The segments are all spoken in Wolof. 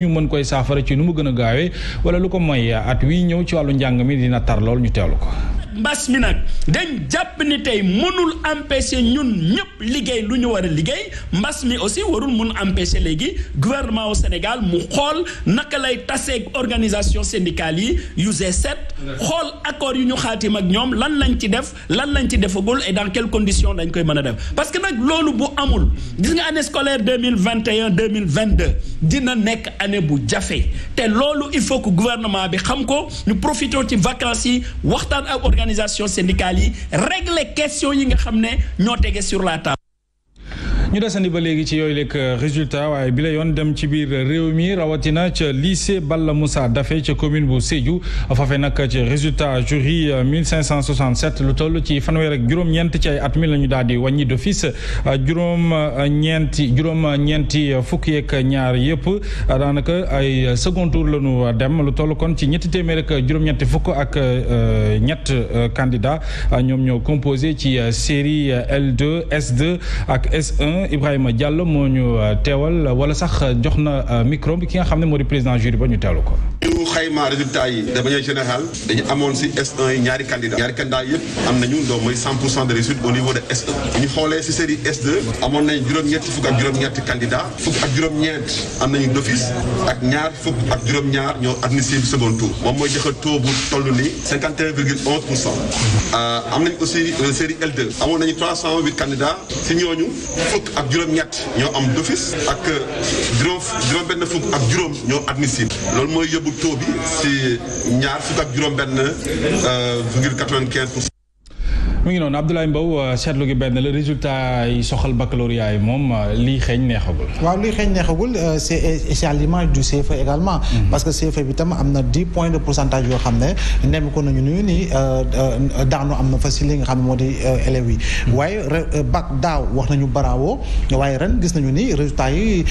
ñu mën koy saafara ci nu mu gën a gaawee wala lu ko mooy at wi ñëw ci wàllu njàng mi dina tar lool ñu teewlu ko mbas mi nag dañ jàpp ni tey mënul empêcher ñun ñëpp liggéey lu ñu war a liggéey mbas mi aussi warul mun empêcher léegi gouvernement au Sénégal mu xool naka lay taseeg organisation syndicale yi yu G7 xool accord yu ñu xaatim ak ñoom lan lañ ci def lan lañ ci defagul et dans quelles conditions dañ koy mën a def parce que nag loolu bu amul gis nga année scolaire 2021 2022 dina nekk année bu jafe te loolu il faut que gouvernement bi xam ko ñu profité ci vacances yi waxtaan ak organisation syndicale yi régler question yi nga xam ne ñoo tege sur la table ñu desandi ba léegi ci yooyu lekk euh, résultat waaye bi yoon dem ci biir réew mi rawatina ca lycée Balla Moussa Daffé ca commune bu Sédhiou fafe nag ci résultat jury 1567 euh, lu toll ci fanweer ak juróom-ñeent ci ay at mi la ñu daal di wàññi d'office euh, juróom-ñeenti juróom-ñeenti fukki yeeg ñaar yëpp daanaka ay second tour la ñu dem lu toll kon ci ñetti téeméer ak juróom-ñetti fukk ak ñett candidat ñoom ñoo composé ci série L2 S2 ak S1 na Ibrahima Diallo moo ñu euh, teewal wala sax euh, jox na euh, micro bi ki nga xam ne moo di président jury ba ñu teewlu ko. ñu xayma résultat yi de manière général dañu amoon si S1 ñaari candidat ñaari candidat yëpp am nañu doom mooy 100 pour cent de réussite au niveau de s ñu xoolee si série S2 amoon nañ juróom-ñetti fukk ak juróom-ñetti candidat fukk ak am nañu d'office ak ñaar fukk ak juróom ñoo admissible second tour moom mooy joxe taux bu toll ni 51 virgule 11 pour cent euh, am nañ aussi euh, série L2 amoon nañu 308 candidats si ñooñu fukk ak juróom-ñett ñoo am d'office ak euh, juróom juróom benn fukk ak juróom ñoo admissible loolu mooy yóbbu bu taux bi si ñaar fukk ak juróom-benn euh, virgule quatre-vingt-quinze pour cent mu ngi noonu Abdoulaye Mbow euh, seetlu gi benn la résultat yi soxal baccalauréat yi moom euh, lii xeeñ neexagul. waaw lii xeeñ neexagul euh, c' est c' est à l' parce que CFEE bi tam am na dix points de pourcentage yoo xam ne nemmeeku nañu nuyu nii daanu am na fa si li nga xam ne moo di éléve yi. Mhm. waaye bac daaw wax nañu baraawoo waaye ren gis nañu ni résultat yi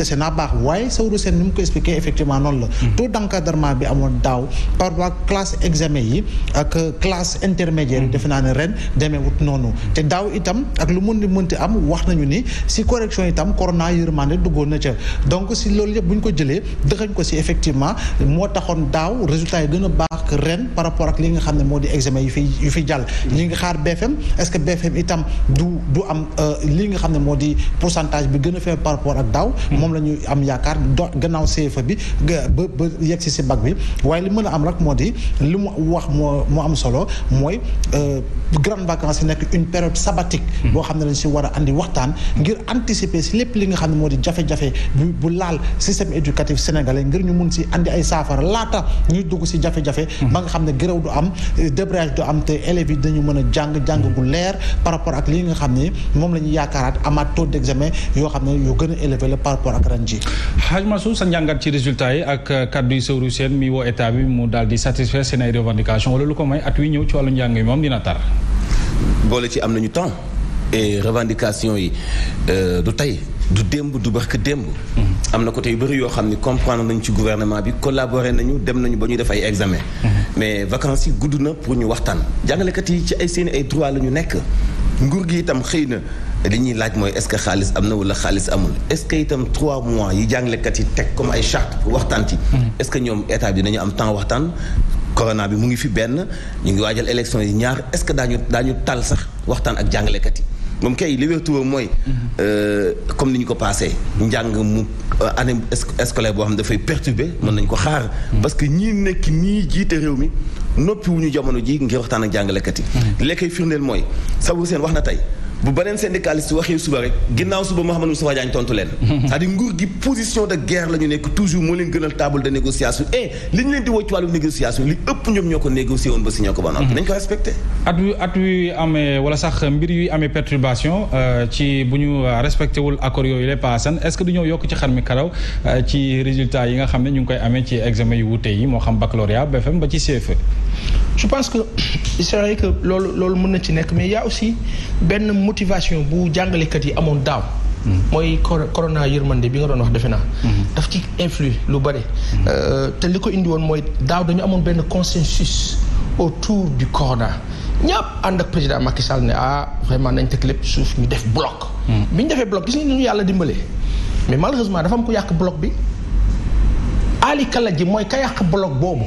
dese naa baax waaye Saourou Sène nu mu ko expliqué effectivement noonu la. Mhm. taux d' encadrement bi amoon daaw par rapport classe examen yi ak classe intermédiaire mhm. defe naa ne ren. demeewut noonu te daaw itam ak lu mun mën di mënti am wax nañu ni si correction itam corona yërmande duggoon na ca donc si loolu yëpp bu ñu ko jëlee dëxañ ko si effectivement moo taxoon daaw résultat yi gën a baax ren par rapport ak li nga xam ne moo di examen yu fi yu fi jàll ñi ngi xaar BFM est-ce que BFM itam du du am euh, li nga xam ne moo di pourcentage bi gën a faible par rapport ak daaw moom la ñu am yaakaar do gannaaw CFA bi ba ba yegg si si bac bi waaye li mën a am rek moo di li mu wax moo moo am solo mooy euh, grandes vacances si nekk une période sabbatique hmm. boo xam ne dañ si war a indi waxtaan ngir anticiper si lépp li nga xam ne moo di jafe bu bu laal système éducatif sénégalais ngir ñu mun si andi ay saafara laata ñuy dugg si jafe hmm. ba nga xam ne gërëw du am débrayage du te élèves dañu mën a jàng jàng gu leer par rapport ak li nga xam ne moom la ñuy yaakaaraat amaat taux examen yoo xam ne yoo gën a élevé la par rapport ak ren ji xaaj sa njàngat ci résultat yi ak kaddu yi Saourou Sène mi woo état bi mu daal di satisfaire seen ay revendication wala lu ko may at wi ñëw ci wàllu njàng yi moom dina tar boole ci am nañu temps et revendication yi euh, du tey du démb du barke démb. Mm-hmm. am na côté yu bëri yoo xam ni comprendre nañ ci gouvernement bi collaborer nañu dem nañu ba ñu def ay examen. Mm-hmm. mais vacances yi gudd na pour ñu waxtaan. jàngalekat yi ci ay seeni ay droit la ñu nekk nguur gi itam xëy na li ñuy laaj mooy est-ce que xaalis am na wala xaalis amul est-ce que itam trois mois yi jàngalekat yi teg comme ay charte pour waxtaan ci. Mm-hmm. est-ce que ñoom état bi dinañu am corona bi mu ngi fi benn ñu ngi waajal élection yi ñaar est-ce que daañu daañu tal sax waxtaan ak jàngalekat yi moom kay li wér tuba mooy euh, comme ni ñu ko passé njàng mu euh, année scolaire boo xam ne dafay perturbé mën nañ ko xaar parce que ñii nekk nii jiite réew mi noppi wu jamono ji ngir waxtaan ak jàngalekat yi hmm. lekkay firndeel mooy sabu seen wax na tey bu beneen syndicaliste waxee suba rek ginnaaw suba Mouhamadou Moustapha Diagne tontu leen. cest à nguur gi position de guerre la nekk toujours moo leen gënal table de négociation et eh, li ñu leen di wocc négociation li ëpp ñoom ñoo ko négocié woon ba signé ko ba noppi. Mhm. nañ ko respecté. at wi at wi amee wala sax mbir yuy amee perturbation euh, ci bu ñu euh, respecté wul yooyu les paasan est-ce que du ñoo yokk ci xar mi karaw euh, ci résultat yi nga xam ne ñu motivation bu jàngalekat yi amoon daaw. mooy corona yërmande bi nga doon wax defe naa. Mm-hmm. daf ci influe lu bëri. Euh, te li ko indi woon mooy daaw dañu amoon benn consensus autour du corona ñëpp ànd ak président Macky Sall ne ah vraiment nañ teg lépp suuf ñu def bloc. Mm-hmm. bi ñu defee bloc gis nga ñu yàlla dimbale. mais malheureusement dafa am ku yàq bloc bi. Ali Kala ji mooy ka yàq bloc boobu.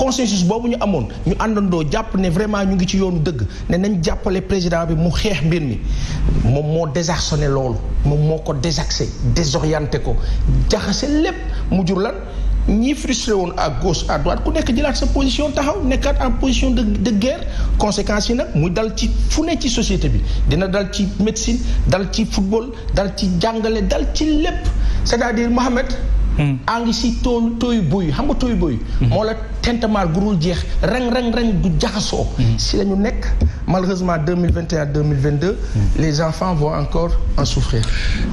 consensus boobu ñu amoon ñu àndandoo jàpp ne vraiment ñu ngi ci yoonu dëgg ne nañ jàppale président bi mu xeex mbir mi moom moo désarçonné loolu moom moo ko désaxé désorienté ko jaxase lépp mu jur lan ñi frustré woon ak gos à droite ku nekk jëlaat sa position taxaw nekkaat en position de de guerre conséquences yi nag mu dal ci fu ne ci société bi dina dal ci médecine dal ci football dal ci jàngale dal ci lépp c'est-à-dire Mohamed angi hmm. si tool tooy boy xam nga tooy boy hmm. moo la tentamar gurul jeex reng reng reng du jaxasoo hmm. si lañu nekk malheureusement 2021 2022 les enfants vont encore en souffrir.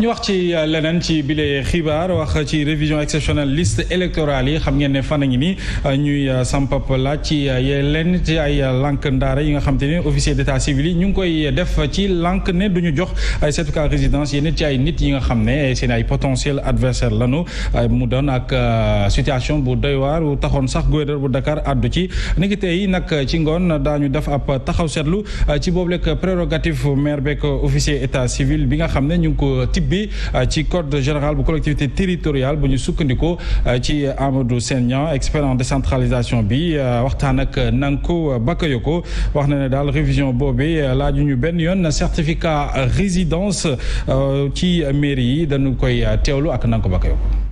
ñu wax ci euh, leneen ci bile xibaar wax ci révision exceptionnelle list électorale yi xam ngeen ne fan ngi ni euh, ñuy euh, sampap laaj ci yeneen ci ay lank ndaara yi nga xam te ne officier d'état civil yi ñu ngi koy def ci lank ne du ñu jox ay certificat résidence yeneen ci ay nit yi nga xam ne seen ay potentiel adversaire lanu mu doon ak situation bu doy waar taxoon sax gouverneur bu Dakar addu ci ni tey nag ci ngoon daañu def ab taxaw seetlu Euh, ci boobu rek prérogative maire beeg officier état civil bi nga xam ne ñu ngi ko tibbi euh, ci code général bu collectivité territoriale bu ñu sukkandikoo euh, ci Amadou Seignan expert en décentralisation bi waxtaan ak Nanko Bakayoko wax na ne daal révision boobi laaju ñu benn yoon certificat résidence ci mairie yi dañu koy teewlu ak Nanko Bakayoko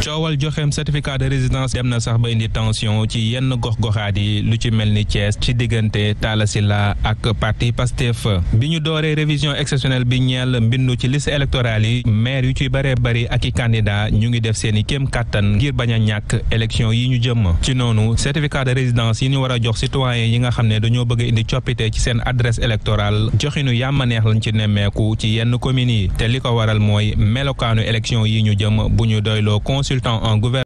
coowal joxeem certificat de résidence dem na sax ba indi tension ci yenn gox-goxaat yi lu ci mel ni Thiès ci diggante Talla Sylla ak parti Pastef bi ñu dooree révision exceptionnelle bi ñeel mbindu ci liste électorale yi maire yu ci bëree bëri ak i candidat ñu ngi def seen i kéem kàttan ngir bañ a ñàkk élection yi ñu jëm ci noonu certificat de résidence yi ñu war a jox citoyen yi nga xam ne dañoo bëgg indi coppite ci seen adresse électorale joxinu yàmmaneex lañ ci nemmeeku ci yenn communes yi te li ko waral mooy melokaanu élection yi ñu jëm bu ñu doyloo consultant en gouvernement